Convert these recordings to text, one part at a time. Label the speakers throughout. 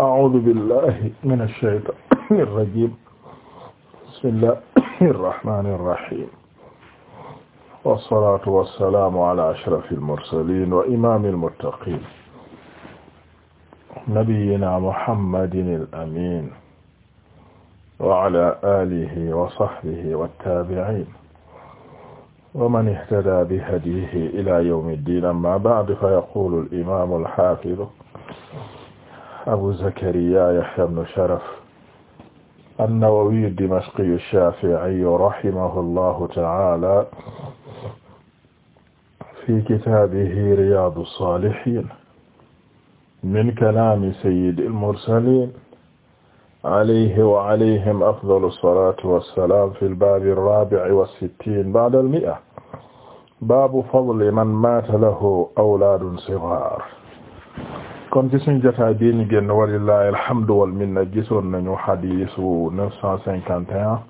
Speaker 1: a'uuzu billahi mina shaytaani rajiim bismillahi rahmaani rahiim wassalaatu wassalaamu alaa ashrafil mursaliin wa imaamil muttaqiin nabiyyinaa muhammadinil amiin wa alaa aalihi wa sahbihi wattaabi'iin wa man ihtadaa bihadyihi ilaa yawmid diin ammaa ba'du fayaquulu al imaamul haafidu abu zakariya yahya ibn sharaf an-nawawi ad-dimashqi ash-shafi'i rahimahu llahu ta'ala fi kitaabihi riyaadu saalihiin min kalaami sayyidil mursaliin alayhi wa alayhim afdalu salaatu wa salaam fil baabi raabi'i wa sittiin ba'dal mi'a baabu fadli man maata lahu awlaadun sigaar kon ci suñu jotaay bii ñu génn walillahi alhamdu wal minna gisoon nañu xadiisu neuf cent cinquante et un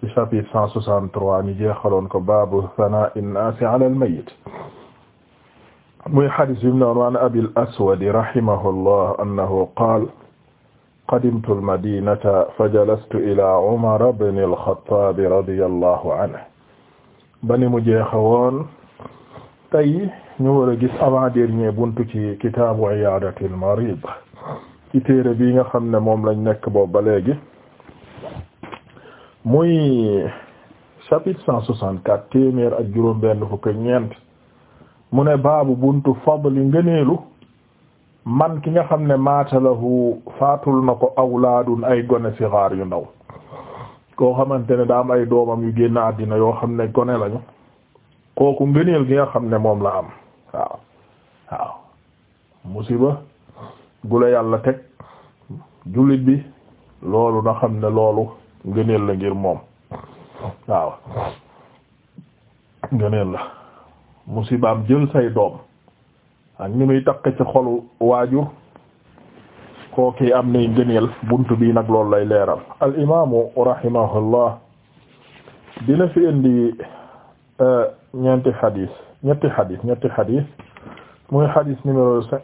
Speaker 1: ci chapitre cent soixante-trois ñu jeexaloon ko baabu sanaa'i nnaasi ala al-mayyit muy xadiis bi mu ne woon an abil aswad rahimahullah annahu qaala qadimtu al-madiinata fajalastu ilaa umar ibn al-xattaab radiyallahu anhu bani mu jeexawoon tey ñu war a gis avant dernier bunt ci kitaabu iyaadatil marid ci téere bi nga xam ne moom lañu nekk boobu ba léegi muy chapitre cent soixante-quatre téeméer ak juróom benn fukk ñeent mu ne baabu buntu fadli ngëneelu man ki nga xam ne maatalahu faatul na ko awlaadun ay gone sixaar yu ndaw koo xamante ne daa am ay doomam yu génn àddina yoo xam ne gone lañu kooku ngëneel gi nga xam ne moom la am waaw waaw musiba gu la yàlla teg jullit bi loolu na xam ne loolu ngëneel la ngir moom waaw ngëneel la am jël say doom ak ni muy takk ci xolu waajur kooki am nay ngëneel bunt bii nag loolu lay leeral al imaamu rahimahullah dina fi indi euh, ñeenti xadis ñetti xadis ñetti xadis muy xadis numéro cinq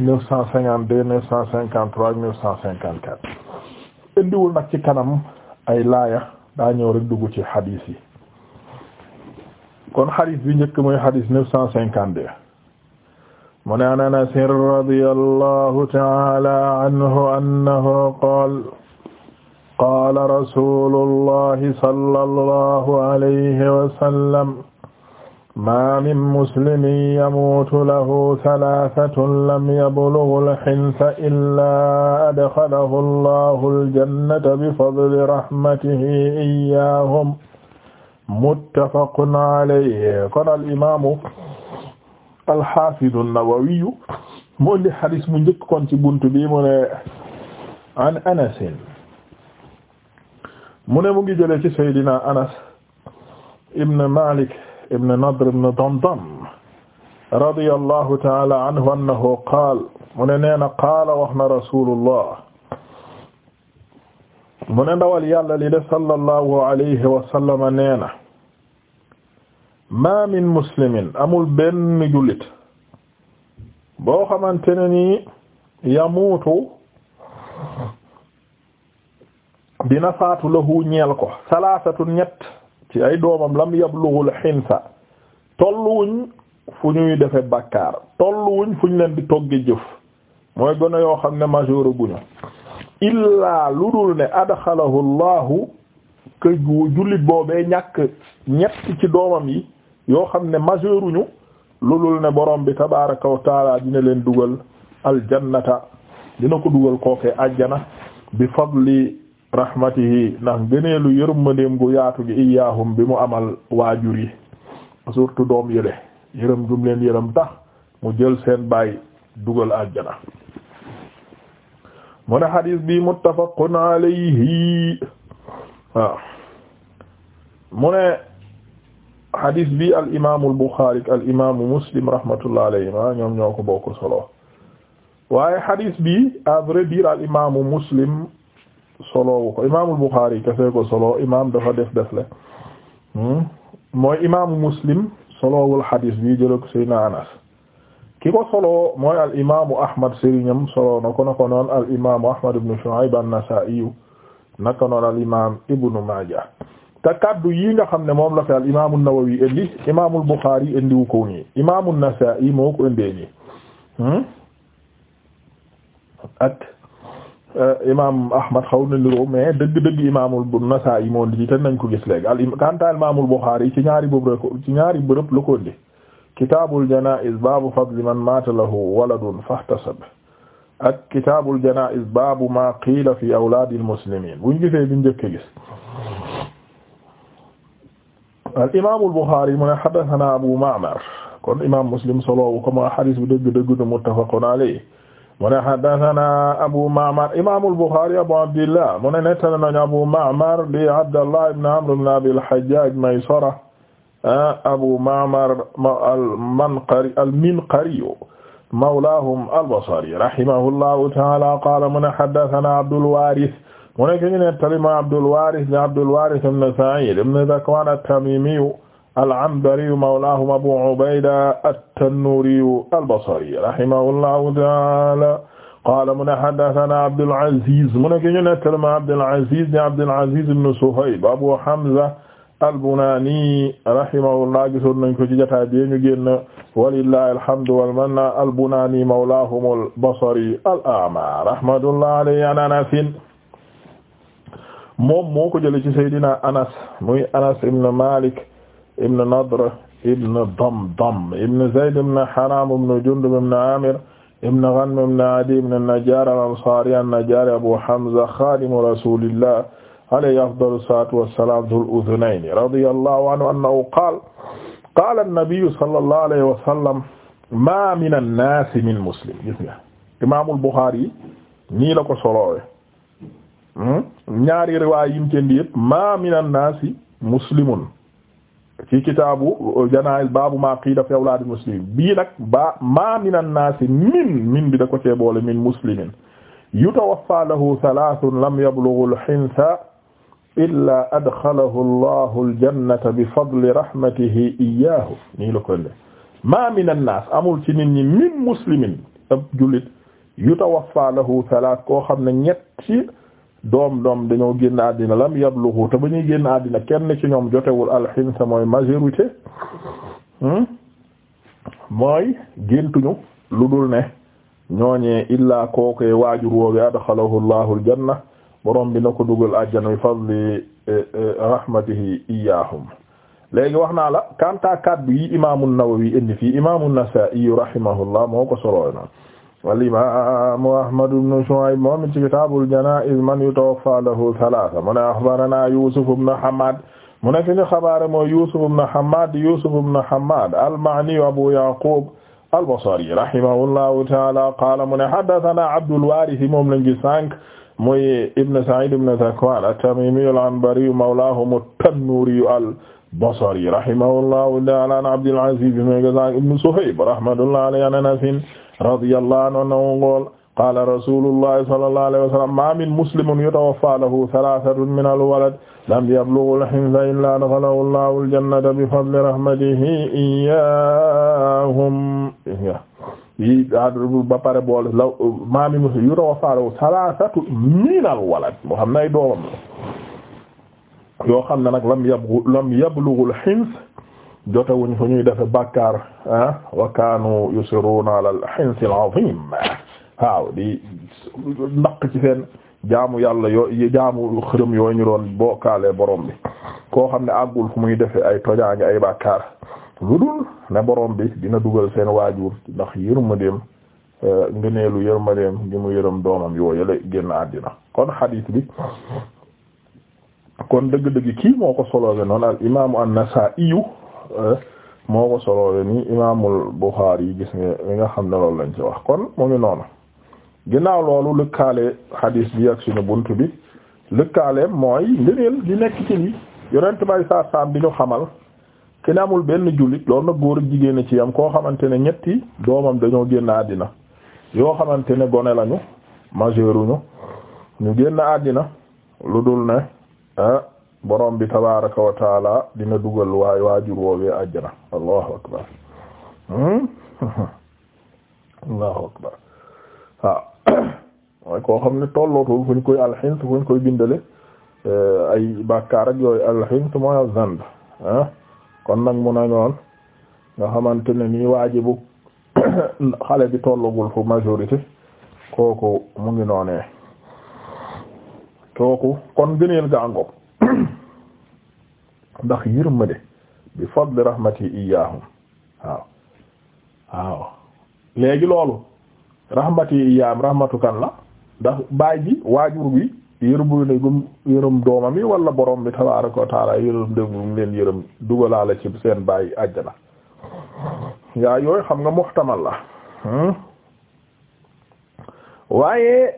Speaker 1: neuf cent cinquante deux neuf cent cinquante trois neuf cent cinquante quatre indiwul nag ci kanam ay laaya daa ñëw rek dugg ci xadis yi kon xadis bi njëkk muy xadis neuf cent cinquante deux mu ne an Anas radiyallahu ta'ala anhu annahu qaala qaala rasuulullahi sallallahu alayhi wa sallam ma min muslimin yamuutu lahu salaasatun lam yablughul hinsa illaa adxalahu allahul jannata bifadli rahmatihi iyyaahum muttafaqun alayhi kon al imaamu alxaafidu nawawiyu mu indi xadis mu njëkk kon ci buntu bi mu ne an Anas mu ne mu ngi jëlee ci Seydina Anas ibn Malik ibn Nadr ibn Damdam radiyallahu ta'ala anhu annahu qaal mu ne nee na qaala wax na rasulullah mu ne ndawal yàlla li de sallallahu alayhi wa sallama nee na ma min muslimin amul benn jullit boo xamante ne ni yamuutu dina faatu lahu ñeel ko salaasatun ñett ci ay doomam lam yablughul xinsa tolluwuñ fu ñuy defe bàkkaar tolluwuñ fu ñu leen di togge jëf mooy gone yoo xam ne majeur guñu illaa lu dul ne adxalahu llahu que jullit boobee ñàkk ñett ci doomam yi yoo xam ne majeuruñu lu dul ne borom bi tabaraka wa taala dina leen dugal aljannata dina ko dugal kookee ajjana bi fadli rahmatihi ndax gëneelu yërmandeem gu yaatu gi iyaahum bi mu amal waajur yi doom yële yërëm gum leen yërëm tax mu jël seen baay dugal àjjana mu ne xadiis bi muttafaqun alayhi waaw mu ne xadiis bi al imaamu al buxaari ak al imaamu muslim rahmatullah alayhima ñoom ñoo ko bokk solo waaye xadiis bi à vrai dire al imaamu muslim soloowu ko imaamul Buxaari kese ko solo imaam dafa def def le hmm? mooy imaamu Muslim soloowul xadiis bi jële ko Anas ki ko solo mooy al imaamu Ahmad sëriñam solo na ko na noon al imaamu Ahmad ibn Shu'ayb an-Nasaa'iyu naka noon al imaam Ibnu Maaja te kaddu yi nga xam ne moom la fi al imaamu Nawawi indi imaamul Buxaari indiwu ko nii imaamu Nasaa'i moo ko indee nii hmm? Euh, imaam Ahmad xaw na niroo mais dëgg-dëgg imaamul Nasaa'i moo di ci te nañ ko gis léegi al kanta imaamul Buxaari ci ñaari bërëb ci ñaari bërëb la ko indi kitaabul janaa'iz baabu fadli man maata lahu waladun fahtasab ak kitaabul janaa'iz baabu maa qiila fi awlaadil muslimiin buñ gisee biñ njëkk a gis. al imaamul Buxaari mu ne haddasanaa Abu Ma'mar kon imaam Muslim solo ko ma hadiis bi dëgg-dëgg muttafaqun alayhi mu ne haddathana Abu Ma'mar imaamul Bukhari Abu Abdillah mu ne nettali nañu Abu Ma'mar di Abdallah ibn Amr ibn Abil Hajjaj Maysara ah, Abu Ma'mar al-Minqari al-Minqari mawlaahum al-Basri rahimahullahu ta'ala qaala mu ne haddathana Abdul Warith mu ne ki ñu nettali ma Abdul Warith di Abdul Warith ibn Sa'id ibn Dhakwan at-Tamimi al-Anbariyu mawlaahum Abu Ubayda at-Tannuuriyu al-Basriyu rahimahullahu ta'aala qaala mu ne haddathanaa Abdul Aziz mu ne ki ñu nettali ma Abdul Aziz di Abdul Aziz ibn Suhayb Abu Hamza al-Bunaani rahimahullah gisoon nañ ko ci jotaay bi ñu génn walillaahi alhamdu wal minna al-Bunaani mawlaahum al-Basri al-A'maa rahmatullahi alayhi an Anasin moom moo ko jëlee ci Seydina Anas muy Anas ibn Maalik ibn Nadr ibn Damdam ibn Zayd ibn Haram ibn Jundub ibn Amir ibn Ghanm ibn Adi ibn an-Najjar al-Ansari an-Najjari Abu Hamza khadimu rasulillah alayhi afdalu salatu wassalam dhul udhunayni radiyallahu anhu annahu qala qala an-nabiyyu sallallahu alayhi wa sallam ma min an-nasi min muslim gis nga Imaamul Bukhari nii la ko soloowe hmm? ñaari riwaay yim ci indi yëpp ma min an-nasi muslimun ci kitaabu uh, janaa'iz baabu maa qiila fi awlaadi muslimin bii nag ba maa min annaasi min min bi da ko cee boole min muslimin yutawaffaa lahu thalathun lam yablughu al-hintha illaa adxalahu allahu aljannata bi fadli rahmatihi iyaahu nii la koy le maa min annaas amul ci nit ñi min muslimin ab jullit yutawaffaa lahu thalath koo xam ne ñetti doom doom dañoo génn àddina lam yabluxu te ba ñuy génn àddina kenn ci ñoom jotewul alxinsa mooy majorité hmm? mooy géntuñu lu dul ne ñooñee illaa kookee waajur woowi adxalahu allahu aljanna borom bi na ko dugal àjjana bi fadli e, e, rahmatihi iyaahum léegi wax naa la kanta kaddu yi imaamu Nawawi indi fii imaamu Nasaa'i rahimahullah moo ko solo na wal imaamu Ahmad ibn Shu'ayb moom ci kitaabul janaa'iz man yutawaffa lahu thalaatha mu ne akhbaranaa Yuusuf ibn Hammaad mu ne fi ñu xabaare mooy Yuusuf ibn Hammaad Yuusuf ibn Hammaad al-Ma'ni Abu Yaquub al-Basri rahimahullahu ta'aala qaala mu ne haddathanaa Abdul Waaris moom lañ gi sànq muy Ibn Sa'iid ibn Dhakwaan at-Tamiimi al-Anbari mawlaahum at-Tannuuri al-Basri rahimahullahu ta'aala an Abdul Aziz ibn Suhayb rahmatullahi alayhi radiyallahu anhu nangool qala rasulullahi sallallahu alayhi wa sallam ma min muslimin yutawaffa lahu thalathatun min alwalad lam yablugh al-hinsa illa adkhalahu allahu al-jannata bi fadli rahmatihi iyyahum yi ba pare bool law ma min muslimin yutawaffa lahu thalathatun min alwalad moo xam ne ay doomam yoo xam ne nag lam yablugh lam yablugh al-hinsa jotewuñ fu ñuy defe bàkkaar ah wa kaanu yusiruna ala al-hinsi al-azim waaw di naq ci seen jaamu yàlla yoo jaamu xërëm yoo ñu doon bokkaale borom bi koo xam ne àggul fu muy defe ay tojaange ay bàkkaar lu dul ne borom bi dina dugal seen waajur ndax yërmandeem eh, ngëneelu yërmandeem gi mu yërëm doomam yoo yële génn àddina kon hadith bi kon dëgg-dëgg kii moo ko soloowe noonu al imaamu an-Nasaa'i moo ko soloole ni imaamul Buxaari gis nga nga xam ne loolu lañ ci wax kon mu ngi noonu ginnaaw loolu lëkkaale hadis bi ak suñu bunt bi lëkkaale mooy ngëneel di nekk ci li yonent bay saa saam bi ñu xamal kenn amul benn jullit loolu nag góor ak jigéen ci yam koo xamante ne ñetti doomam dañoo génn àddina yoo xamante ne gone lañu majeur ñu ñu génn àddina lu dul ne ah, borom bi tabaraka wa dina dugal waay waajur woowee àjjana allahu akbar hmm? allahu akbar ah. waaw koo xam ne tollootul fu ñu koy alxins fu ñu koy bindale eh, ay bàkkaar ak yooyu alxins mooy azand ah. kon nag mu na noon nga xamante ne nii waajibu xale bi tollagul fu majorité kooku mu ngi noonee kooku kon gëneel gaangoom ndax yërmande bi fadli rahmati iyaahum waaw waaw léegi loolu rahmati iyaahum rahmatu kan la ndax baay ji waajur bi yërëbu ne gum yërëm doomam yi wala borom bi tabaaraka wa taala yërëm dégum leen yërëm dugalaala ci seen baay àjjana yaa yooyu xam nga muxtamal la hmm? waaye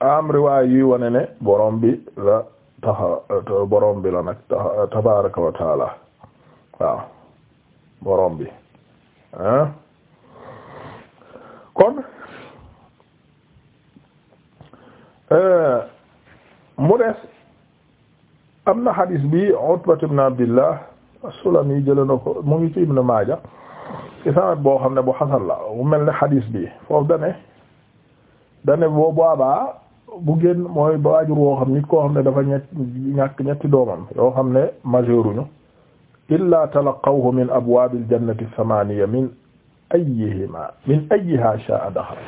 Speaker 1: am riwaay yuy wane ne borom bi la taxa borom bi la nag taxa tabaaraka wa waaw borom bi ah kon eh, mu des am na xadis bi Utba ibn Abdillah sulami jëlee ko mu ngi ci Ibn Maaja ci sanad boo xam ne bu xasan la mu mel ne xadis bi foofu da ne da ne boo bu génn mooy waajur woo xam nit koo xam ne dafa ñett ñàkk ñetti doomam yoo xam ne majeuruñu illa talaqawhu min abwaabil jannati samaniya min ayyihima min ayyiha sha'a daxal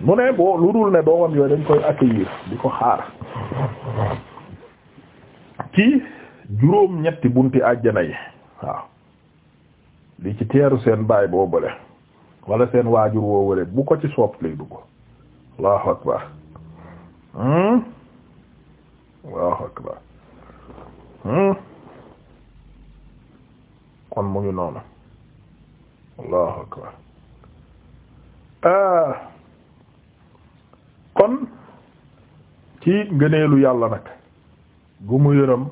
Speaker 1: mu ne boo lu dul ne doomam yooyu dañ koy accueillir di ko xaar ci juróom ñetti bunti àjjana yi waaw di ci teeru seen baay boobale wala seen waajur woowale bu ko ci sopp lay dugg allahu akbar Hmm? Allahu akbar hmm? kon mu ngi noonu Allahu akbar ah. kon ci ngëneelu yàlla nag gu mu yërëm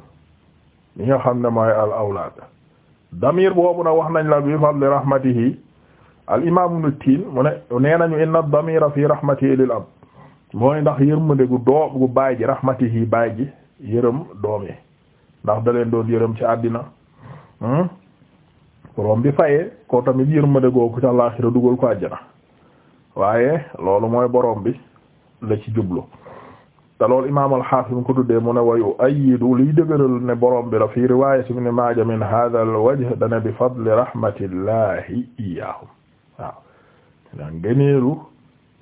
Speaker 1: li nga xam ne mooy al awlaad damir boobu nag wax nañ la bi fadli rahmatihi al imaam ibnu mu ne nee nañu inna damira fi rahmatihi lil ab mooy ndax yërmande gu doom gu baay ji rahmatihi baay ji yërëm doom yi ndax da leen doon yërëm ci àddina hmm? borom bi fayee ko tamit yërmande googu ci àllaxira dugal ko àjjana waaye loolu mooy boroom bi la ci jublu te loolu imaam al-Hafiz mu ko tuddee mu ne wayu ayidu liy dëgëral ne borom bi la fi riwaayat Ibn Maaja min hadha al-wajh dana bi fadli rahmatillahi iyyahum waaw ngëneelu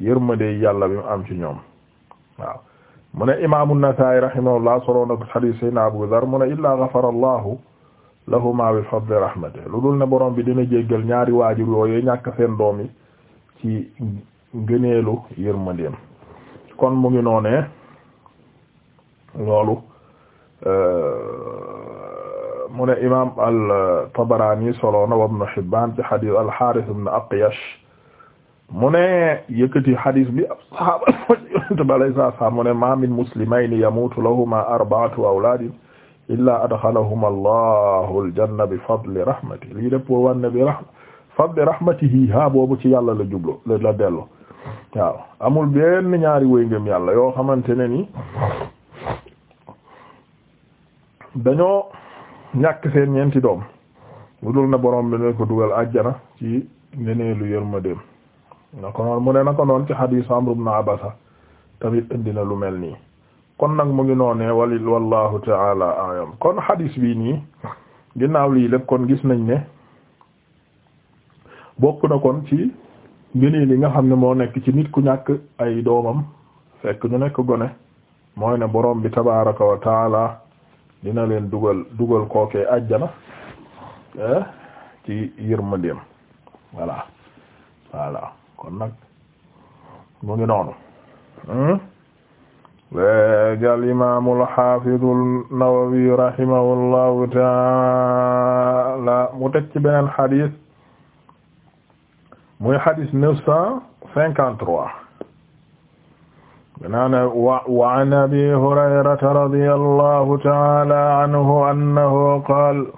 Speaker 1: yërmande yàlla bi am ci ñoom waaw mu ne imaamu Nasaa'i na ko hadiis Seydina Abu Dharr mu ne illaa ghafara Allahu lahumaa bi fadli rahmatihi lu dul ne borom bi dina jéggal ñaari waajur yooyu ñàkk seen doom ci ngëneelu yërmandeem kon mu ngi noonee loolu euh, mu imaam al-Tabarani soloo na wa Ibn Hibbaan ci al-Haaris ibn Aqyash mu ne yëkkati hadis bi ab sahaba yonente bi alayhi salaatu salaam mu ma min muslimayni yamuutu lahuma arba'atu awlaadin illaa adxalahuma allahu aljanna bi fadli rahmati lii def pour bi rahma fadli rahmatihi ha boobu ci yàlla la jublu la waaw amul benn ñaari wéy ngëm yàlla yoo xamante ne ni dañoo ñàkk seen ñeenti doom lu na borom bi ne ko dugal àjjana ci ngeneelu yërmandeem na ko noon mu ne na ko noon ci xadiis Amr ibn Abasa tamit indi na lu mel nii kon nag mu ngi noonee walil wallahu taala a'lam kon xadiis bii nii ginnaaw lii lépp kon gis nañ ne bokk na kon ci ngëneel li nga xam ne moo nekk ci nit ku ñàkk ay doomam fekk ñu nekk gone mooy ne borom bi tabaraka wa taala dina leen dugal dugal kookee ajjana eh, ci yërmandeem voilà voilà kon nag mu ngi noonu hmm? léegi al imaamu al xaafidu nawawi rahimahullahu taala mu teg ci beneen xadis muy xadis neuf cent cinquante trois naan wa wa an abi hurayrata radiyallahu taala anhu annahu qaala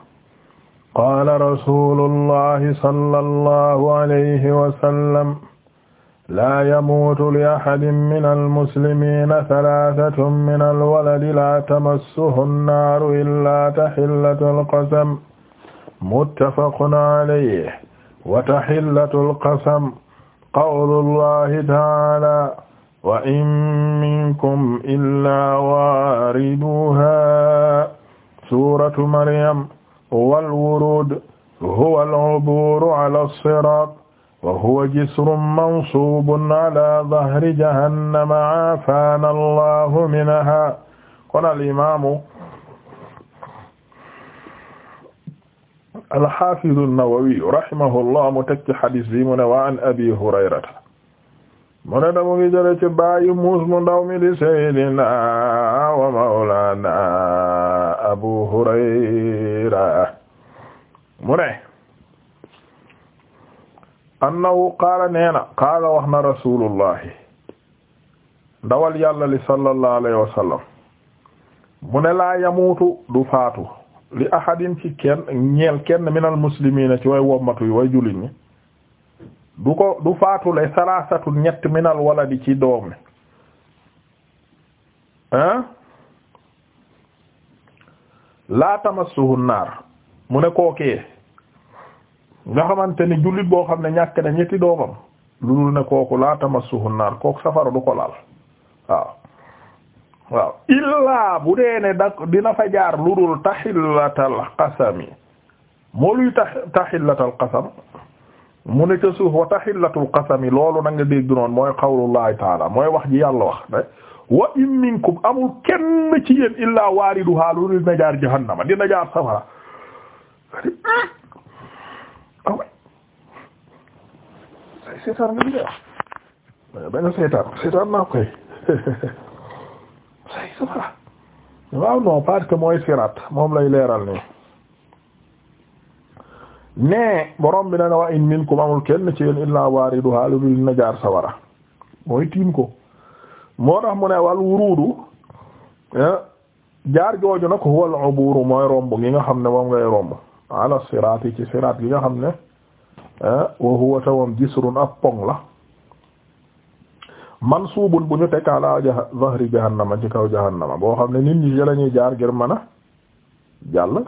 Speaker 1: qaala rasuulullahi sallallahu alayhi wa sallam laa yamuutu li ahadin min almuslimiina talaatatun min alwaladi laa tamassuhu nnaaru illaa taxillatul qasam muttafaqun alayhi wa taxillatul qasam qawlullahi ta'aalaa wa in minkum illaa waariduhaa suuratu maryam wal wuruud huwal ubuuru ala ssiraat wa huwa jisrun mansuubun ala dahri jahannama aafaana allahu minha kon al imaamu alxafidu an-Nawawi rahimahullah mu teg ci xadis bi mu ne wa an abi hurayrata mu ne damu ngi jële ci bàyyi muus mu ndaw mi di sayyidina wa mawlaana abu hurayra mu ne annahu qaala nee na qaala wax na ndawal yàlla li sallallahu alayhi wa mu ne laa yamuutu du faatu li ahadin kenn ñeel kenn minal muslimiina ci way wommatu yi way jullit du ko du faatu le salaasatu ñett minal waladi ci doom mi laa tamassuhu naar mu ne kookee nga xamante ne jullit boo xam ne ñàkk na ñetti doomam lu dul ne kooku laa tamassuhu naar kooku safara du ko laal waaw waaw illaa bu dee ne da dina fa jaar lu dul taxillatal qasami moo luy tax taxillatal qasam mu ne ca suuf wa taxillatul qasami loolu na nga dégg mooy qawlullahi taala mooy wax ji yàlla wax ne wa in amul kenn ci yéen illaa waariduhaa lu dul na jaar jahannama dina jaar safara ah oh. oui ay benn seetaan seetaan naa mooy siraat moom lay leeral nii ne borom bi dana wa in minkum amul kenn ci yéen illaa waariduhaa lu dul na jaar sawara mooy tiim ko moo tax mu ne wal wuruudu eh, jaar jooju nag huwal ubuuru mooy romb gi nga xam ne moom ngay romb ala siraat yi ci siraat gi nga xam ne ah, wa huwa tawam jisrun ab pong la mansuubun bu ñu teg ala zahri jahannama ci kaw jahannama boo xam ne nit ñi ci lañuy jaar ngir mën a jàll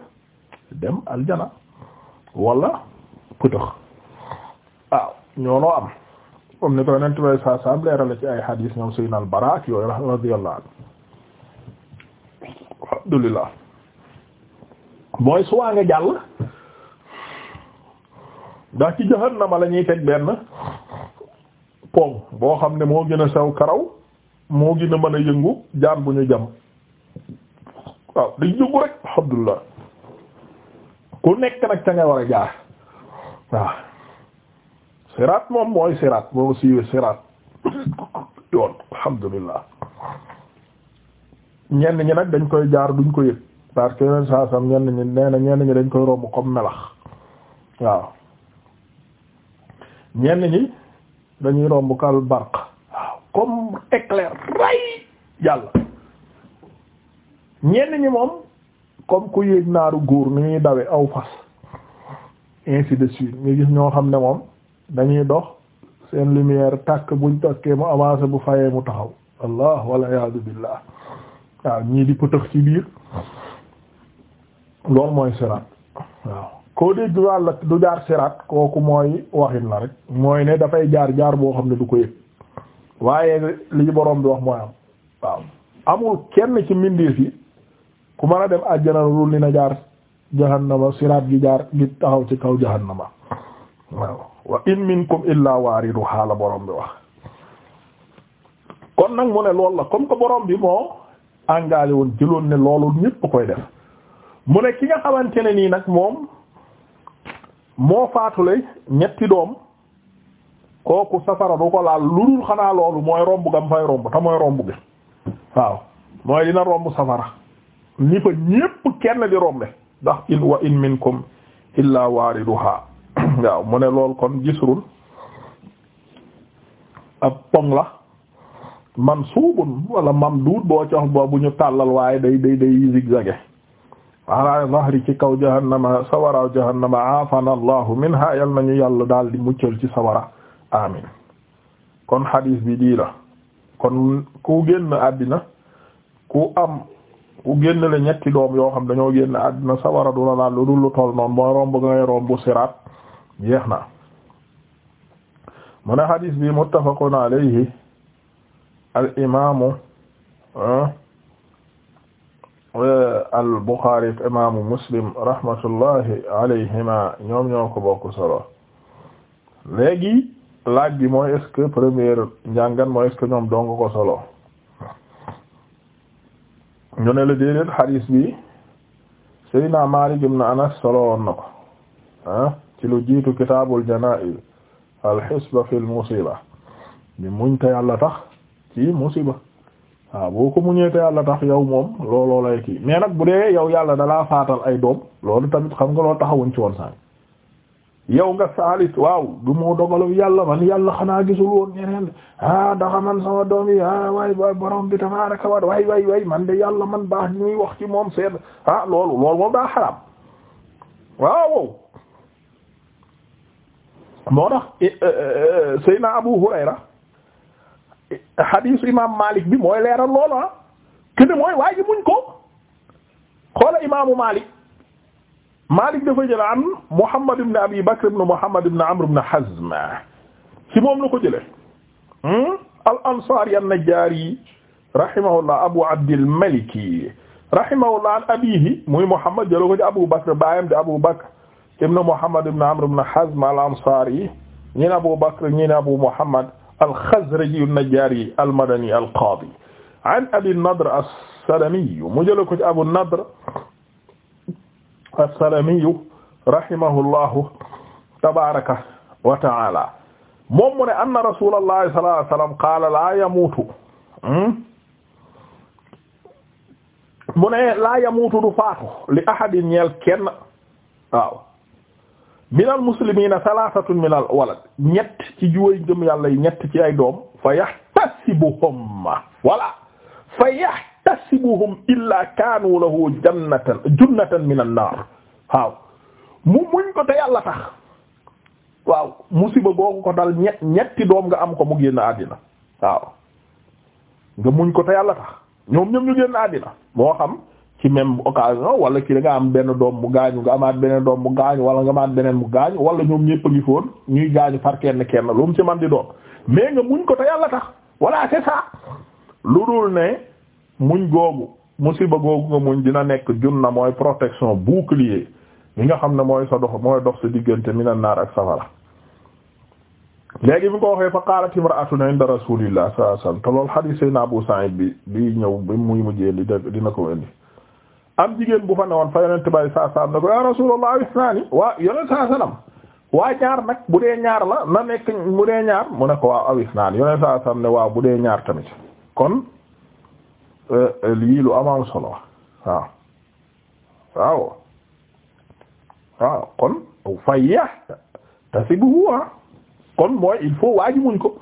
Speaker 1: dem aljana wala pëtëx waaw ñoonoo am comme ni ko yonent bay sa sam leerale ci ay hadis ñoom suy naan barak yooyu radiyallahu anhu alhamdulillah mooy suwaa nga jàll ndax ci jahannama la ñuy teg benn pom boo xam ne moo gën a sew karaw moo gën a mën a yëngu jaan bu ñu jam waaw di yëngu rek alhamdulilah ku nekk nag ca nga war a jaar waaw siraat moom mooy siraat moom siiwee siraat yoon alhamdulilah ñenn ñi nag dañ koy jaar duñ ko yëg parce que yeneen saa sam ñenn ñi nee na ñenn ñi dañ koy romb comme melax waaw ñenn ñi dañuy romb kal barq waaw comme éclair ray yàlla ñenn ñi moom comme ku yéeg naaru góor ni ñuy dawe aw fas ainsi de suite ñu gis ñoo xam ne moom dañuy dox seen lumière tàkk buñ takkee mu avancé bu fayee mu taxaw allah wal iyaadu billah waaw ñii di pëtëx ci biir loolu mooy siraat waaw koo dégg wàll du jaar siraat kooku mooy waxin la rek mooy ne dafay jaar jaar boo xam ne du ko yëg waaye li borom bi wax mooy am waaw amul kenn ci mbindeef yi ku mën a dem àjjana lu dina jaar jahannama siraat gi jaar gi ci kaw jahannama waaw wa in minkum borom bi wax kon nag mu ne loolu la comme que borom bi moo engagé jëloon ne loolu ñépp koy def. mu ne ki nga xamante ne nii nag moom moo faatule ñetti doom kooku safara du ko laal lu dul xanaa loolu mooy romb gam fay romb te mooy romb gi waaw mooy dina romb safara ni fa ñépp kenn di rombe ndax in wa in minkum illa waariduha waaw mu ne lool kon gisrun ab pong la man suubun wala mam duut boo cox ba ñu tàllal waaye day day day zigzage ala zahri ci kaw jahannama sawara jahannama aafana allahu minha yal nañu yàlla daal di muccal ci sawara amin kon hadis bi dii la kon ku génn àddina ku am ku génn la ñetti doom yoo xam dañoo génn àddina sawara du la laal lu lu toll noonu mooy romb ngay romb siraat jeex na mu ne hadis bi muttafaqun alayhi al imaamu ah. al Bukhari ak imaamu Muslim rahmatullahi alayhima ñoom ñoo ko bokk solo léegi laaj bi mooy est-ce que première njàngan mooy est ñoom dong ko solo ñu ne la déedéet xadiis bi Seydina Maalik ibn Anas solo woon ko ah, ci lu jiitu kitaabul janaa'iz al hisba fil musiba bi muñ te tax ci musiba. waaw boo ko muñee te yàlla tax yow moom looloo lay kii mais nag bu dee yow yàlla dalaa faatal ay doom loolu tamit xam nga loolu taxawuñ ci woon sànq yow nga saalis waaw du moo dogalu yàlla man yàlla xanaa gisul woon ñeneen ah daxa man sama doom yi ah waay waay borom bi tabaaraka wa waay waay waay man de yàlla man baax ñuy wax ci moom seet ah loolu loolu moom daa xaraam waaw moo tax eh, eh, eh, Seydina Abu Hurayra xadiisu imam Malik bi mooy leeral loolu ah kene mooy waa ji muñ ko xoola imaamu Malik Malik dafa jële an Muhammad ibn Abi Bakr ibn Muhammad ibn Amr ibn Hazm ci moom la ko jële hmm? al ansaari an-Najjaari rahimahullah Abu Abdil Maliki rahimahullah an abiihi muy Muhammad jële ko ci Abu Bakr baayam di Abu Bakr ibn Muhammad ibn Amr ibn Hazm al ansaari ñi ne Abu Bakr ñi ne Abu Muhammad al-Khazraji an-Najjari al-Madani al-Qadi an Abi an-Nadr as-Salami mu jël ko ci Abu an-Nadr as-Salami rahimahullahu tabaraka wa ta'ala moom mu ne anna Rasulullah sallallahu alayhi wa sallam qaala laa yamuutu hmm? mu ne laa yamuutu du faatu li ahadin ñeel kenn waaw minal muslimiina salaasatun minal walad ñett ci jiwooy ngëm yàlla yi ñett ci ay doom fa yahtasibuhum wala fa yahtasibuhum illaa kaanu lahu jannatan junnatan minan naar waaw mu muñ ko te yàlla tax waaw musiba googu ko dal ñett ñetti doom nga am ko mu génn àddina waaw nga muñ ko te yàlla tax ñoom ñoom ñu génn àddina moo xam ci même occasion wala kii danga am benn doom mu gaañu nga amaat beneen doom mu gaañu wala nga amaat beneen mu gaañu wala ñoom ñëpp a ngi foon ñuy gaañu par kenn kenn lu mu ci man di doon mais nga muñ ko te yàlla tax voilà c'est ça lu dul ne muñ googu musiba googu nga muñ dina nekk junna mooy protection bouclier mi nga xam ne mooy sa dox mooy dox sa diggante na naar ak safara léegi bi nga ko waxee fa qaalat imra'atuna inda rasulillah sallallahu alayhi wasallam te loolu hadith sayna Abu Sa'id bi bi ñëw bi muy dina ko am jigéen bu fa woon fa yonent bay saa saam ne ko ya rasulullah isnaani waa yonent saa salaam waa ñaar nag bu dee ñaar la na nekk bu dee ñaar mu ne ko waaw aw isnaani yonent saa saam ne waaw bu dee ñaar tamit kon euh, euh, lii lu amaam solo waaw waaw waaw kon fayya tasibuhu ah. kon mooy il faut waaji muñ ko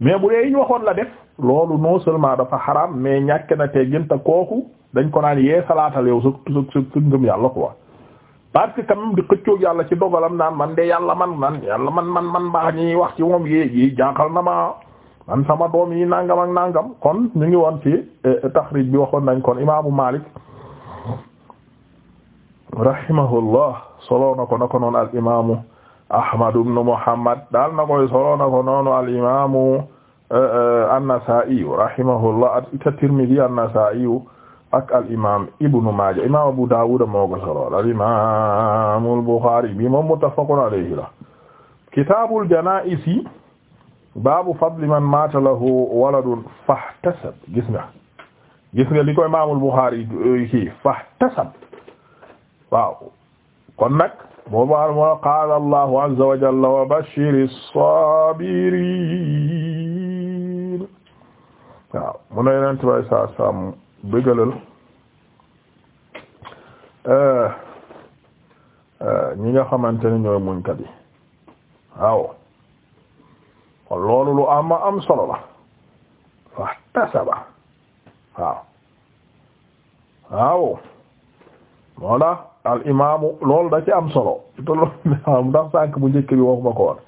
Speaker 1: mais bu dee ñu waxoon la def loolu non seulement dafa xaraam mais ñàkk na teggin te kooku dañ ko naan yee salaatal yow sa sa sa sa ngëm yàlla quoi parce que quand même di xëccoog yàlla ci dogalam naan man de yàlla man man yàlla man man man baax ñi wax ci moom yée yi jaaxal na ma man sama doom yi nangam ak nangam kon ñu ngi woon ci eh, taxrij bi waxoon nañ kon imaamu Maalik rahimahullah soloo na ko na ko noonu al imaamu Ahmad ibn Muhammad daal na koy soloo na ko noonu al imaamu an-Nasaa'i rahimahullah ak at-Tirmidhi an-Nasaa'i ak al imaam Ibnu Maaja imaam Abu Daawuda moo ko solo al imaam al-Buxaari bi moom muttafaqun alayhi la kitaabul janaa'iz baabu fadli man maata lahu waladun fahtasab gis nga gis nga li ko imaamul Buxaari eh, kii fahtasab waaw kon nag moo baal moo qaala Allahu azza wa jalla wa bashiri saabiriin mu ne yeneen tibay saa saam bëggalal euh, euh, ñi nga xamante ne ñooy muñkat yi waaw kon loolu lu am am solo la wax tasaba waaw waaw moo tax al imaamu loolu da ci am solo te loolu ndax sànq bu njëkk bi waxuma ko woon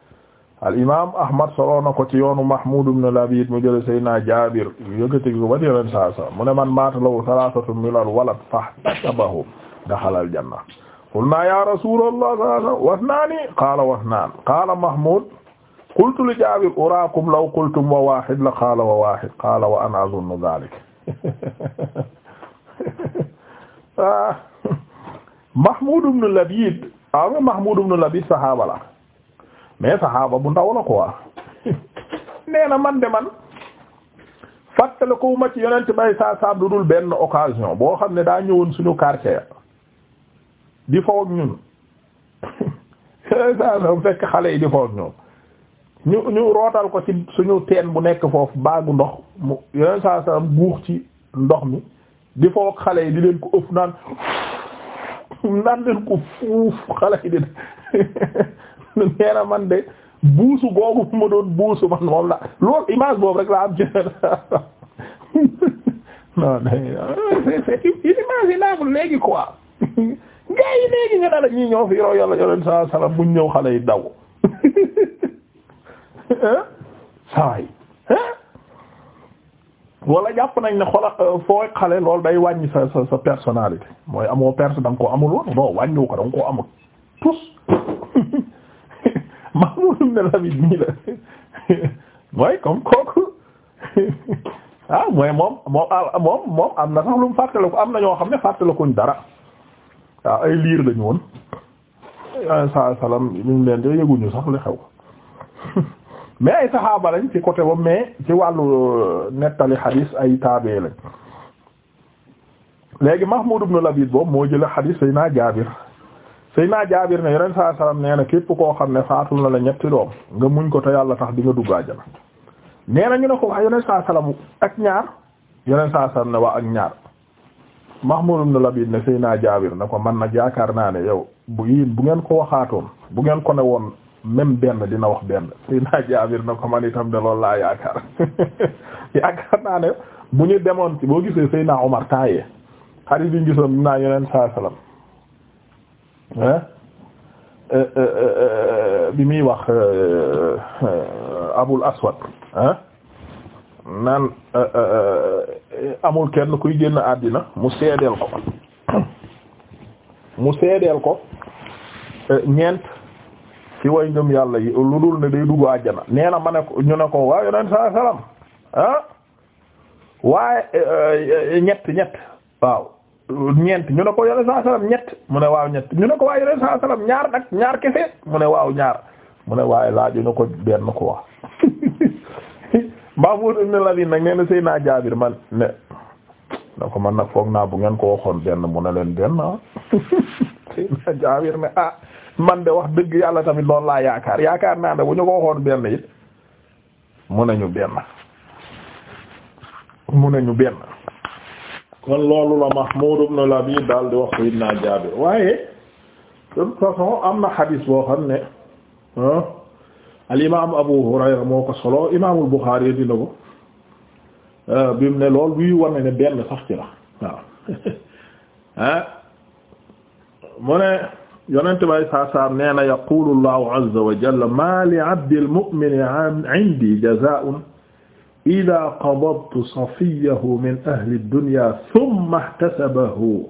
Speaker 1: al imaam Ahmad solo na ko ci yoonu Mahmoud ibn Labid mu jëlee Seydina Jaabir yëkkati ko ba di leen saa saa mu ne man maatalawu salaasatu milal walad fahtasabahu daxalal janna qulnaa yaa rasuulallah salaasa wasnaani qaala wasnaan qaala Mahmoud qultu li Jaabir uraakum law qultum wa waahid la qaala wa waahid qaala wa ana azunnu zaalik ah. Mahmoud ibn Labid aw ah, Mahmoud ibn Labid saxaaba la mais saxaaba bu ndaw la quoi nee na man de man fàttalikuwuma ci yonent bay saa saab lu dul benn occasion boo xam ne daa ñëwoon suñu quartier di fo ñun xale yi di ñu ñu rootal ko ci suñu teen bu nekk foofu baagu ndox mu yeneen saa saa guux ci ndox mi di fo ak xale yi di leen ko ëpp naan naan leen ko fuuf xale yi di nee na man de buusu googu ma doon buusu man moom la loolu image boobu rek la am ci non c'est inimaginable léegi quoi gars yi léegi nga dara ñii ñoo fi yoroo yàlla yoleen saa salaam buñ ñëw xale yi daw saay wala jàpp nañ ne xola euh, foo xale loolu day wàññi sa sa sa personnalité mooy amoo perso da nga koo amul woon non wàññiwu ko da nga koo amul tous Mahmoud ibn Labid nii la mooy comme kooku ah mooy moom moom ah moom moom am na sax lu mu fàttaliku am na ñoo xam ne fàttalikuñ dara waaw ay liir lañu woon ay salaam ñu ngi leen di yëguñu sax li xew mais ay saxaaba lañ ci côté boobu mais ci wàllu euh, nettali xadiis ay taabee lañ léegi Mahmoud ibn Labid boobu moo jëlee xadiis Seydina Jaabir. Seydina Jaabir ne yonent saa salaam nee na képp koo xam ne faatul na la ñetti doom nga muñ ko te yàlla tax di nga dugg àjjana nee na ñu ne ko wax yonent saa salaam ak ñaar yonent saa salaam ne waa ak ñaar Mahmoud ibn Labid ne Seydina Jaabir ne ko man nag yaakaar naa ne yow bu yéen bu ngeen ko waxaatoon bu ngeen ko ne woon même benn dina wax benn Seydina Jaabir ne ko man itam de loolu laa yaakaar yaakaar naa ne bu ñu demoon ci boo gisee Seydina Omar taayee xarit Euh, euh, euh, bi muy wax abul aswad ah naan amul kenn kuy génn àddina mu seedeel ko mu seedeel ko ñeent ci way ngëm yàlla yi lu dul ne day dugg àjjana nee na ma ne ko ñu ne ko waaw yonent saa salaam ah waaye ñett ñett waaw ñeent ñu ne ko yore saa salaam ñett mu ne waaw ñett ñu ne ko waaw yore saa salaam ñaar nag ñaar kese mu ne waaw ñaar mu ne waaye laaju ñu ko benn ko wax Mahmoud ibn Ladin nag nee na Seydina Jaabir man ne na ko man nag foog naa bu ngeen ko waxoon benn mu ne leen benn ah Seydina Jaabir ne ah man de wax dëgg yàlla tamit noonu laa yaakaar yaakaar naa ne bu ñu ko waxoon benn it mu ne ñu benn mu ne ñu benn. kon loolu la Mahmoud ibn Labid daal di wax sayyidina Jaabir waaye de toute façon am na xadis boo xam ne al imaam Abu Hurayra moo ko solo imaamul Buxaari dina ko euh, bi mu ne lool luy ne benn sax ci la waaw bay saasaam nee na yaqulu Allahu azza ma li abdil mu'mini indi jazaa'un ida qabadtu safiyahu min ahli dunya thumma ihtasabahu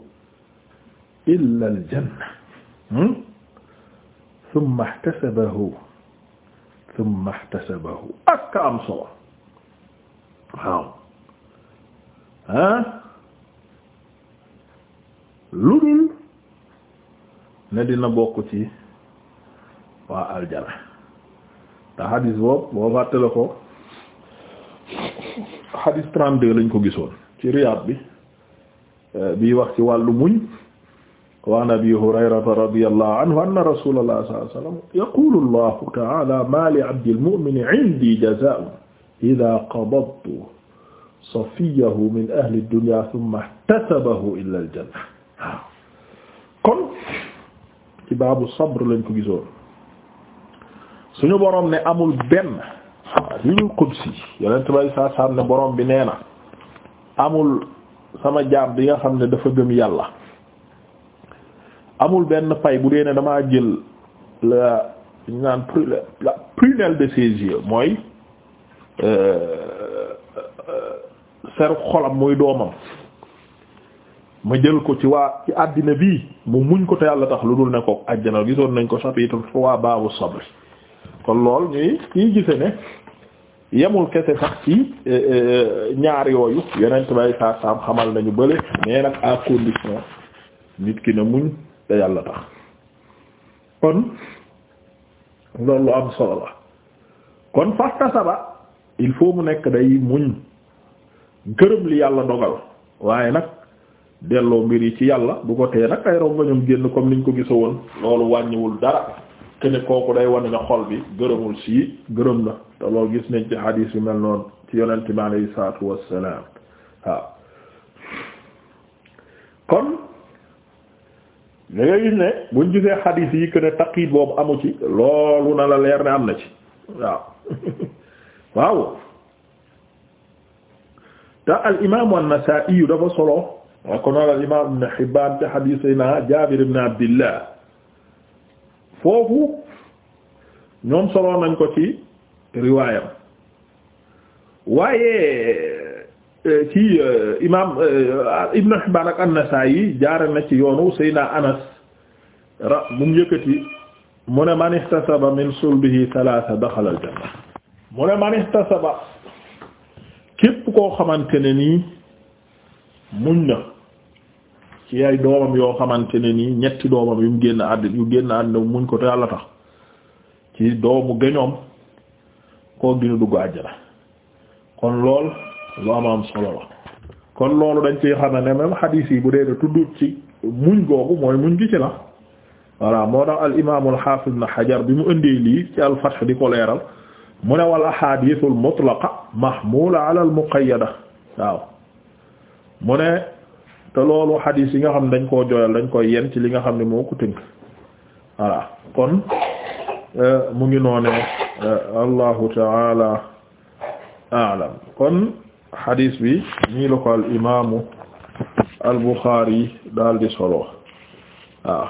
Speaker 1: illa aljanna hmm? thumma ihtasabahu thumma ihtasabahu ak am solo waaw ah lu dul ne dina bokk ci waa aljana te hadis boobu boo fàttale ko xadis 32 lañ ko gisoon ci Riyad bi euh, bi wax ci wàllu muñ wa an abi hurayrata radiyallahu anhu anna rasulullah sallallahu alayhi wasallam yaqulu allahu ta'ala ma li abdil mu'mini 'indi jazaa'un idha qabadtu safiyahu min ahli dunya thumma ihtasabahu illa al janna kon ci baabu sabr lañ ko gisoon suñu boroom ne amul benn lu hadithul qudsi yonent bay saa saam ne boroom bi nee na amul sama jaam bi nga xam ne dafa gëm yàlla amul benn pay bu dee ne damaa jël la ñu naan la prunelle de ses mooy euh, euh, seru xolam muy doomam ma jël ko ci waa ci àddina bii mu muñ ko te yàlla tax lu dul ne ko àjjana gisoon nañ ko chapitre trois baabu sabr kon lool ñuy ñuy gise ne yemul kese sax ci euh, euh, ñaar yooyu yeneen bay saa saam xamal nañu bële mais nag à condition nit ki na muñ te yàlla tax kon loolu am solo la kon fastasaba il faut mu nekk day muñ gërëm li yàlla ndogal waaye nag delloo mbir yi ci yàlla bu ko tee nag ay rongoñam génn comme niñ ko gisa woon loolu wàññiwul dara kene kooku day wane ne xol bi gërëmul sii gërëm na te gis nañ ci hadis mel noonu ci yonent bi alayhi salaatu wassalaam waaw kon da nga amu ci loolu na la leer ne am na ci waaw waaw te al an dafa solo wa kon al imaam Ibn Hibbaan te hadis yi naa Jaabir ibn Abdillah foofu ñoom solo nañ ko ci riwaayam waaye eh, ci eh, imaam eh, Ibn Hibbaan ak An-Nasaa'i jaare na ci yoonu Seydina Anas ra mu ngi yëkkati mu ne man ihtasaba min sulbihi thalatha daxala al mu ne man ihtasaba képp koo xamante ne nii muñ na ci ay doomam yoo xamante ne nii ñetti doomam yu mu génn àddina yu génn àddina muñ ko te yàlla tax ci doomu gëñoom koo dina dugg àjjana kon lool lu am am solo la kon loolu dañ ci xam ne même xadiis yi bu dee de tudd ci muñ googu mooy muñ gi ci la voilà moo tax al imaam al na xajar bi mu indee lii ci al fath di ko leeral mu ne wal axaadiisul mutlaqa mahmuula ala al waaw mu ne te loolu xadiis yi nga xam ne dañ koo jooyal dañ koy yen ci li nga xam ne moo ko tënk voilà kon euh, mu ngi noonee euh, allahu taala aalam kon xadiis bi nii la ko al imaamu al Buxaari daal di solo waaw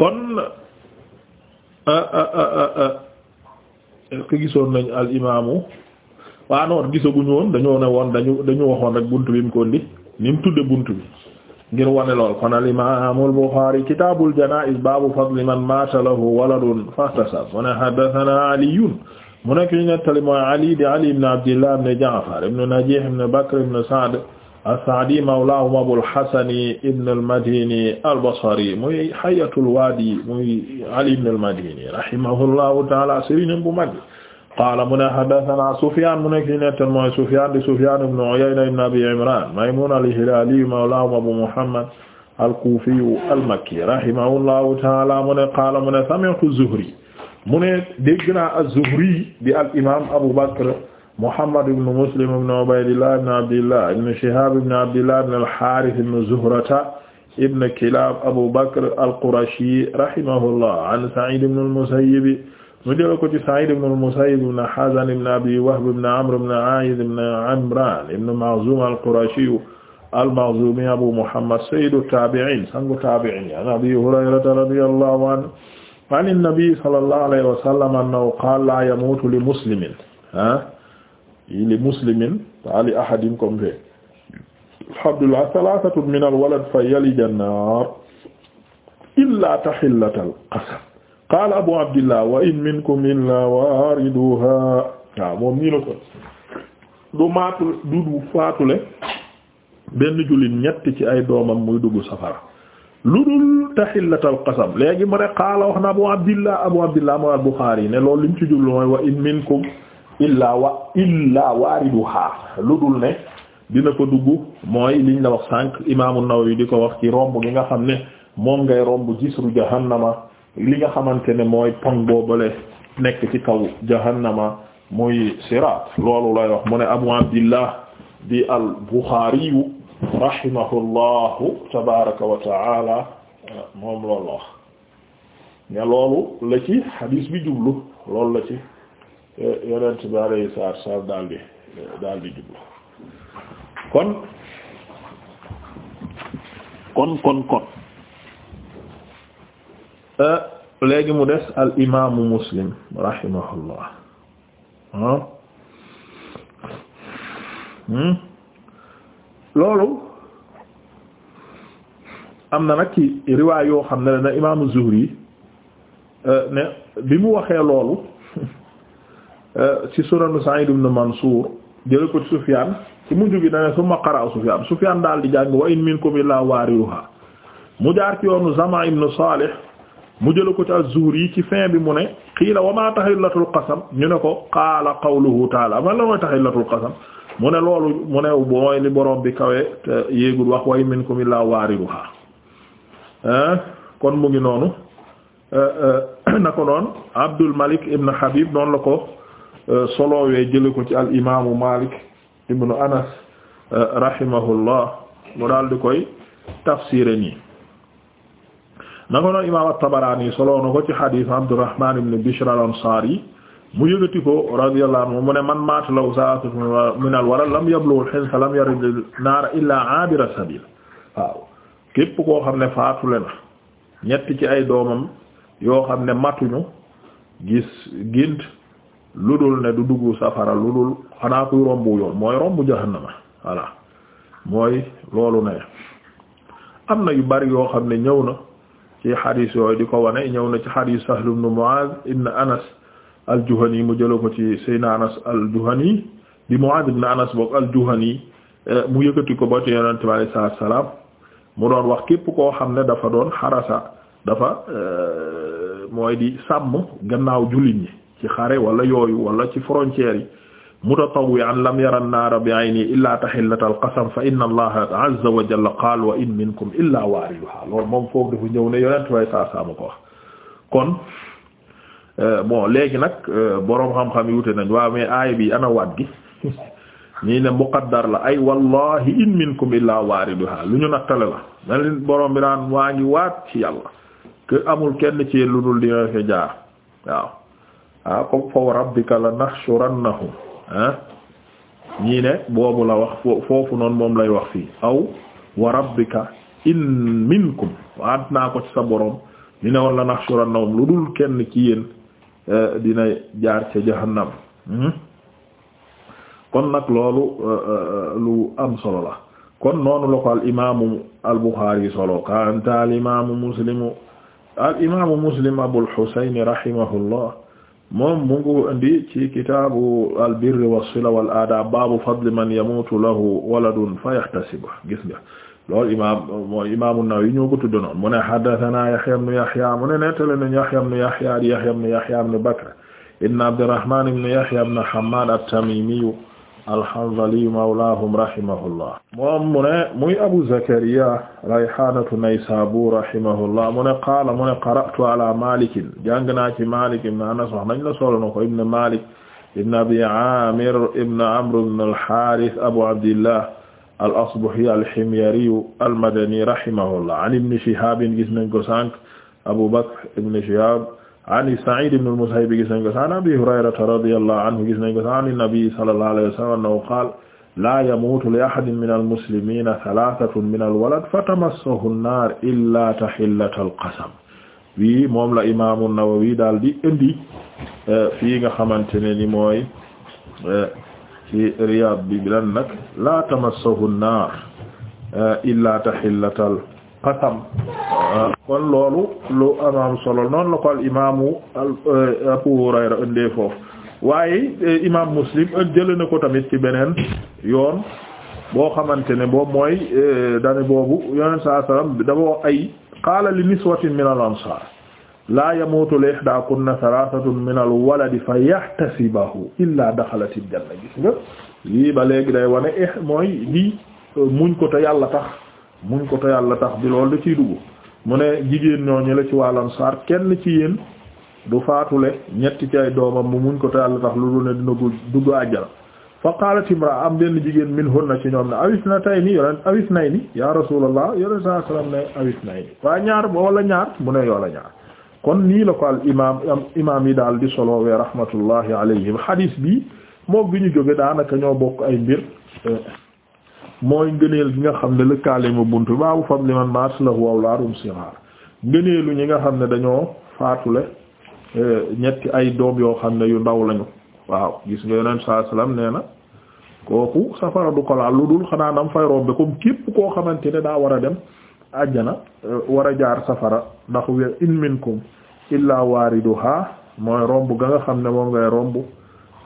Speaker 1: kon euh, est gisoon nañ al imaamu waaw noor gisaguñu woon dañoo ne woon dañu dañu waxoon rek buntu bi mu ko indi ni mu tudde buntu bi ngir wane lool kon al imaamul Buxaari kitaabul janaa'iz baabu fadli man maata lahu waladun fahtasab mu ne haddathanaa Aliyun mu nekk ñu nettali mooy Ali di Ali ibn Abdillah ibn Ja'far ibn Najiih ibn Bakr ibn Sa'd as-Sa'di mawlaahum Abul Hasani ibn al-Madini al-Basri muy hayatul waadi muy Ali ibn al-Madini rahimahullahu ta'aala sëriñ bu mag qaala mu ne haddasanaa Sufyaan mu nekk ci nettal mooy Sufyaan di Sufyaan ibn Uyayna ibn Abi Imraan Maymuun al-Hilaali mawlaahum Abu Muhammad al-Kuufi al-Makki rahimahullahu ta'aala mu ne qaala mu ne sami'tu Zuhri mu ne dégg naa az-Zuhri di al-imaam Abu Bakr Muhammad ibn Muslim ibn Ubaydillah ibn Abdillah ibn Shihaab ibn Abdillah ibn al-Haarith ibn Zuhrata ibn Kilaab Abu Bakr al-Qurashi rahimahullah an Sa'iid ibn al-Musayyib mu jëla ko ci Sa'id ibn al-Musayyib ibn Hazan ibn Abi Wahb ibn Amr ibn A'id ibn Amran ibn Makhzum al-Qurashi al-Makhzumi Abu Muhammad sayyidu taabi'iin sangu taabi'iin an Abi Hurayrata radiyallahu anhu an an-nabi sallallahu alayhi wa sallam annahu qaala laa yamuutu li muslimin ah li muslimin wa li ahadin comme fe alhamdulillah thalathatun min al-walad fa yalija an-naar illaa tahillatal qasam qaala abu abdillah waaw moom nii la ko du maatul du du faatule benn jullit ñett ci ay doomam muy dugg safara lu dul taxillatal qasam léegi mu ne qaala wax na abu abdillah abu abdillah mooy al buxaari ne loolu lim ci jublu mooy wa in minkum illa wa illa waariduha lu dul ne dina ko dugg mooy liñ la wax sànq imaamu Nawawi di ko wax ci romb gi nga xam ne moom ngay romb jisru jahannama li nga xamante ne mooy pon boobale nekk ci kaw jahannama muy siraat loolu lay wax mu ne abu abdillah di al buxaari rahimahullahu tabaraka wa taala moom loolu la ci hadis bi jublu loolu la ci e, yonent bi alayhi salaatu wa salaam daal di jublu kon kon kon kon Euh, léegi mu des al imaamu muslim rahimahullah ah. hmm? loolu am na nag ci riwaay yoo xam ne dana imaamu Zuhri euh, ne bi mu waxee loolu euh, ci sunanu Sa'id ibn Mansur jële ko Sufyaan mu mujj na dana summa qara'a Sufyaan Sufyaan daal di jàng wa in minkum illaa waariduhaa mu jaar ci yoonu Zama ibn Salih mu jëla ko ci az yi ci fin bi mu ne qiila wa maa tahillatul qasam ñu ne ko qaala qawluhu taala man la mooy tahillatul qasam mu ne loolu mu ne mooy li borom bi kawe te yéegul wax way minkum illaa waariduhaa kon mu ngi noonu na ko noon Abdul Malik ibn Habib noonu la ko solowee jële ko ci al imaamu Malik ibn Anas rahimahullah mu daal di koy tafsire nii na ko noonu imaam at-Tabaraani soloo ko ci xadiis Abdurrahmaan ibn Bishr al-Ansaari mu yëgati ko radiyallahu anhu mu ne man maata la saa'atun min al-walad lam yablugh hinsa lam yarid an-naar illaa aabira sabiil waaw képp koo xam ne faatule na ñett ci ay doomam yoo xam ne matuñu gis gént lu dul ne du dugg safara lu dul xanaa kuy rombu yoon mooy rombu jahannama voilà mooy loolu ne am na yu bari yoo xam ne ñëw na ci xadis yooyu di ko wane ñëw na ci xadis Sahl ibn Mu'adh ibn Anas al-Juhani mu jëloo ko ci Seydina Anas al-Juhani di Mu'adh ibn Anas boog al-Juhani eh, mu yëkkati ko ba ti Yonent bi alayhi salaatu salaam mu doon wax képp koo xam ne dafa doon xarasa dafa eh, mooy di sàmm gannaaw jullit yi ci xare wala yooyu wala ci frontière yi mutatawwi'an lam yara an-naara bi'aynihi illaa tahillata al-qasam fa in minkum illaa waariduhaa loolu moom foofu dafa ñëw ne yonent way saa ko wax kon euh, bon léegi nag euh, boroom xam-xam yi wute nañ waaw mais aaya bi ana waat gi ñii ne muqaddar la ay wallahi in minkum illaa waariduhaa lu ñu nattale la mel boroom bi naan waa ngi waat ci yàlla que amul kenn ci lu dul dina fa jaar waaw ah comme fa rabbika la nahshurannahum ah ñii boobu la wax foofu noonu moom lay wax fii aw wa in minkum waant naa ko ci sa borom li ne woon la lu dul kenn ci yéen eh, dina jaar ca jahannam hmm? kon nag loolu eh, eh, lu am solo la kon noonu la ko al imaamu al Buxaari solo kanta al imaamu muslimu al imaamu muslim Abul Husayn rahimahullah moom mu ngi indi ci kitaabu al birri was-sila wal aadaab baabu fadli man yamuutu lahu waladun fa yahtasibu gis nga loolu imaam mooy imaamu Nawawi ñoo ko tudd noonu mu ne haddathanaa Yahyaa ibnu Yahyaa mu ne nettali nañu Yahyaa ibnu Yahyaa di Yahyaa ibnu Yahyaa ibnu Bakr ibnu Abdirrahmaan ibnu Yahyaa ibnu Hammaad at-Tamiimiyu al-Hanzali mawlaahum rahimahullah moom mu ne muy Abu Zakariya Rayhaanatu Naysaabuur rahimahullah mu ne qaala mu ne qara'tu ala Maalik jàng naa ci Maalik ibn Anas wax nañ la solo na ko ibn Maalik ibn Abi Aamir ibn Amr ibn al-Haarith Abu Abdillah al-Asbahi al-Himyari al-Madani rahimahullah an Ibn Shihaab gis nañ ko sànq Abu Bakr ibn Shihaab ani Sa'id ibn al-Musayyib gis nañ ko sa an Abi Hurayrata radiyallahu anhu gis nañ ko sa an nabi sallallahu alayhi wa sallam annahu qaala laa yamuutu li ahadin min al-muslimiina thalaathatu min al-walad fatamassahu an-naar illaa tahillata al-qasam bii moom la imaamu Nawawi daal di indi e, fii nga xamante ne ni mooy e, ci Riyaad bi bilan nag laa tamassahu an-naar e, illaa tahillata al-qasam kon loolu lu amaam solo noonu la ko al imaamu euh, Abu Hurayra indee foofu waaye euh, imaam Muslim jëlee na ko tamit ci beneen yoon boo xamante ne boobu mooy euh, dane boobu yoneen saa salaam dafa wax ay qaala li niswatin min al ansaar laa yamuutu li ihdaakunna thalathatun min al waladi fa yahtasibahu illa daxalat al janna gis nga lii ba léegi day wane eh mooy di muñ ko te yàlla tax muñ ko te yàlla tax bi loolu da ciy dugg mu ne jigéen ñooñu la ci wàllam saar kenn ci yéen du faatule ñetti ci ay doomam mu muñ ko te yàlla tax lu du ne dina dugg àjjana fa qaalat am benn jigéen min hunna ci ñoom ne awis na tay ni yoneen awis nay ni yaa rasulallah yoneen saa sallam ne awis nay ni waa ñaar wala ñaar mu ne yoola ñaar kon nii la ko al imam imam yi daal di solowee rahmatullahi alayhim hadis bi moo bi ñu jóge daanaka ñoo bokk ay mbir mooy ngëneel gi nga xam ne lëkkaale ma buntu baabu fam li man maat la waaw laarum sixaar ngëneelu ñi nga xam ne dañoo faatule e, ñetti ay doom yoo xam ne yu ndaw lañu waaw gis nga yonent saa salaam nee na kooku safara du ko lu dul xanaa dam fay rombe képp koo xamante ne daa war a dem àjjana e, war a jaar safara ndax we in minkum illaa waariduha mooy romb ga nga xam ne moom ngay romb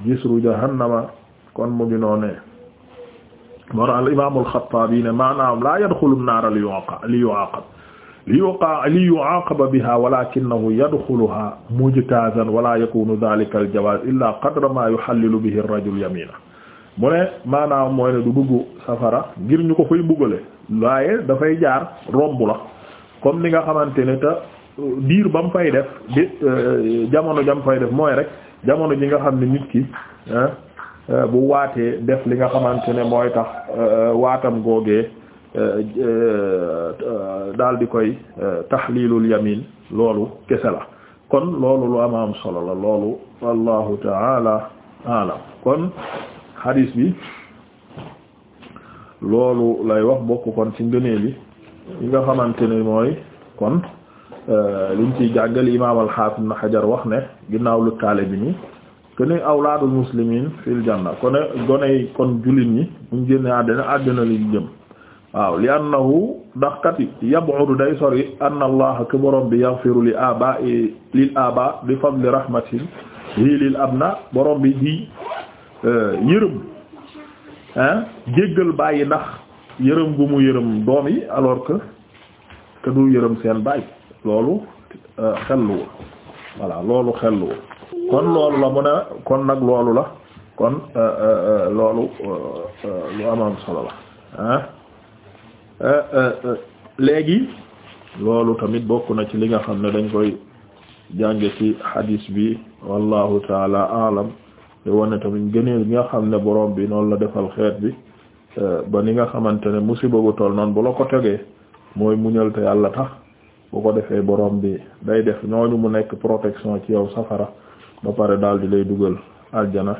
Speaker 1: gisru jahannama kon mu ngi noonee moo tax al imaam al-Xattaabi ne maanaam laa yadxulu an-naara li yu'aqab li yu'aqab li yuqa li yu'aqaba biha walakinahu yadxuluha mujtazan wala yakunu dhalika al-jawaz illa qadra ma yuhallilu bihi ar-rajul yamina mu ne maanaam mooy ne du dugg safara ngir ñu ko fay buggale waaye dafay jaar romb la comme ni nga xamante ne te diir ba mu fay def di euh, jamono jam fay def mooy rek jamono ji nga xam ne nit ki ah Euh, bu waatee def li nga xamante ne mooy tax euh, waatam googee euh, daal di koy taxliilul yamin loolu kese la kon loolu lu am am solo la loolu wallahu taala alam kon hadis bi loolu lay wax bokk kon ci ngëneel yi yi nga xamante ne mooy kon liñ ciy jàngal imaam al-Hafiz Ibn wax ne ginnaaw lu taale bi nii kene awlaadul muslimin fil janna kone goney kon jullit ñi buñ génne àddina àddina li jëm waaw li annahu ndax kat yab'udu day sori anna allah ke borom bi yaghfiru li aba lil aba bi fadli rahmatin hi lil abna borom bi di eh, yërëm ah jéggal bàyyi ndax yërëm gu mu yërëm doom yi alors que que du yërëm seen bàyyi loolu eh, xelluwul voilà loolu xelluwul kon loolu la mu ne kon nag loolu la kon euh, euh, euh, loolu lu amam solo la ah léegi loolu tamit bokk na ci li nga xam ne dañ koy jànge ci hadis bi wallahu taala alam di wane tamit gëneel nga xam ne borom bi noonu la defal xeet bi ba ni nga xamante ne musiba bu toll noonu bu la ko tegee mooy muñal te yàlla tax bu ko defee borom bi day def ñooñu mu nekk protection ci yow safara ba pare daal di lay dugal aljana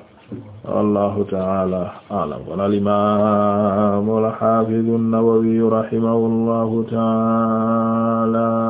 Speaker 1: wallahu taala alam kon alimamu alhafidu an-Nawawi rahimahullahu taala